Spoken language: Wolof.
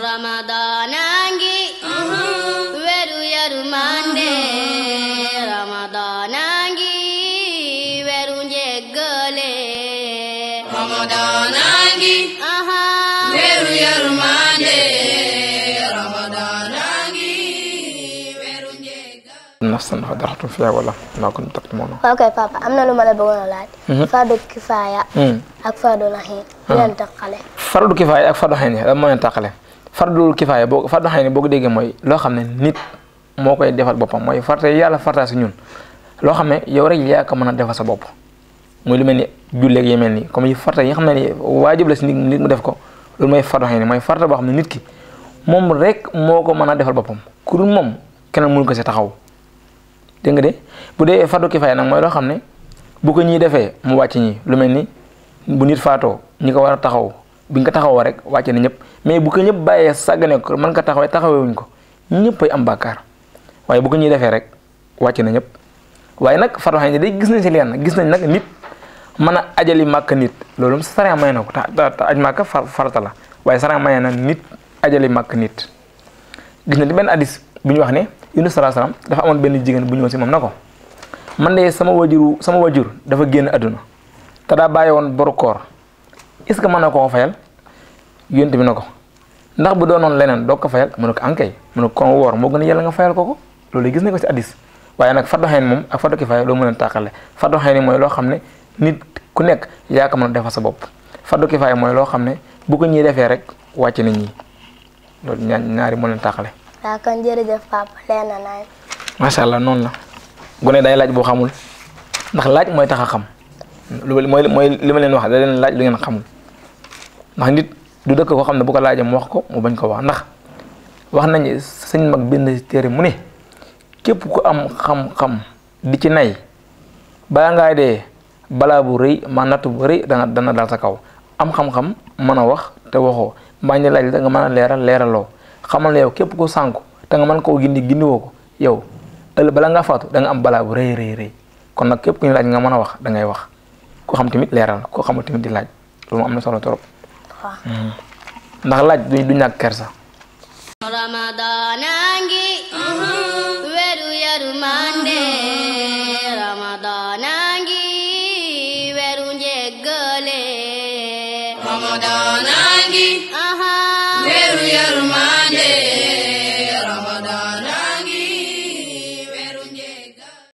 ramadaanangi weru uh-huh. yërmande uh-huh. ramadaanangi weru njëggale ramadaanangi weru yërmande ramadaanangi weru njëggale nafsan fadaratu fiha wala laa kuntum taktumuna ok papa am na lu ma la bëggoon a laaj uh-huh. fardu hmm. ah. kifaaya ak fardu naxiin lan taqale fardu kifaaya ak fardu naxiin lan moo leen taqale fardul kifaaya boo fardu xëy na boo ko déggee mooy loo xam ne nit moo koy defal boppam mooy farta yàlla fartaa si ñun loo xam ne yow rek yaa ko mën a defal sa bopp muy lu mel ni julleeg yi mel ni comme yi farta yi xam ne ni waajib si nit nit mu def ko loolu mooy fardu mooy farta boo xam ne nit ki moom rek moo ko mën a defal boppam ku moom keneen mënu ko si taxaw dégg nga de bu dee fardu kifaaya nag mooy loo xam ne bu ko ñii defee mu wàcc ñi lu mel ni bu nit faatoo ñi ko war a taxaw bi nga ko taxawoo rek wàcce na ñëpp mais bu ko ñëpp bàyyee sàggane ko mën ko taxawee taxawewuñ ko ñëpp am bàkkaar waaye bu ko ñuy defee rek wàcce na ñëpp waaye nag farwaxee ne day gis nañ si leen gis nañ nag nit mën a ajali màkk nit loolu sariya may na ko te aj màkk farata la waaye sariya may na nit ajali màkk nit gis nañ ci benn addis bu ñu wax ne Yunus sallallahu alayhi dafa amoon benn jigéen bu ñëw si moom na ko man de sama wajuru sama wajur dafa génn àdduna te daa bàyyi woon boru est-ce que mën na koo fayal yonent bi na ko ndax bu doonoon leneen doo ko fayal mu ne ko ankay ah, mu ne ko woor moo gën a yàlla nga fayal ko ko loolu gis nañ ko ci hadiis waaye nag fardu ayn moom ak fardu kifaaya loo mën a tàqale fardu ayn mooy loo xam ne nit ku nekk yaa ko defal sa bopp fardu kifaaya mooy loo xam ne bu ko ñuy defee rek wàcc na ñi loolu ñaar ñaari moo leen tàqale. waaw kon jërëjëf allah noonu la. gone day laaj boo xamul ndax laaj mooy tax a xam lu mooy mooy li ma leen wax da leen laaj lu ngeen xamul. ndax nit du dëkk koo xam ne bu ko laajee mu wax ko mu bañ ko wax ndax wax nañu sëñ mag benn téere mu ne képp ku am xam-xam di ci nay balaa ngaa dee balaa bu rëy ma natt bu rëy dana dana dal sa kaw am xam mën a wax te waxoo mbaa ñu laaj da nga mën leeral leeraloo xamal ne yow képp ko sànku te nga mën koo gindi gindiwoo ko yow ëllëg bala ngaa faatu da nga am balaa bu rëy rëy rëy kon nag képp ku ñu laaj nga mën a wax da ngay wax ku xam tamit leeral koo xamul tamit di laaj loolu am na solo trop. Mm-hmm. ndax laaj du ramadaana ngi mm-hmm. weeru yërmande ramadaana ngi weeru njëggale ramadaana